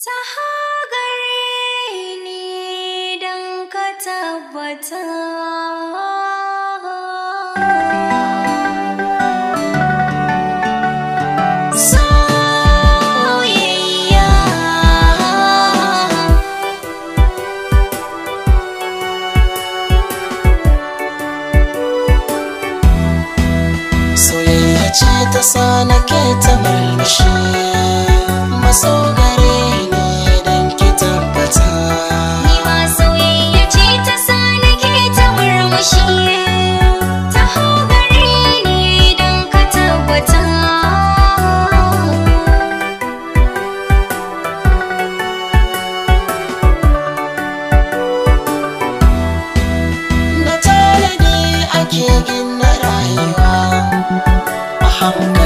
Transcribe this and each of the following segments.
taha gare don ka tabbata. ce ta sa ke ta murmushi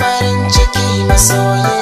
farin ciki masoyi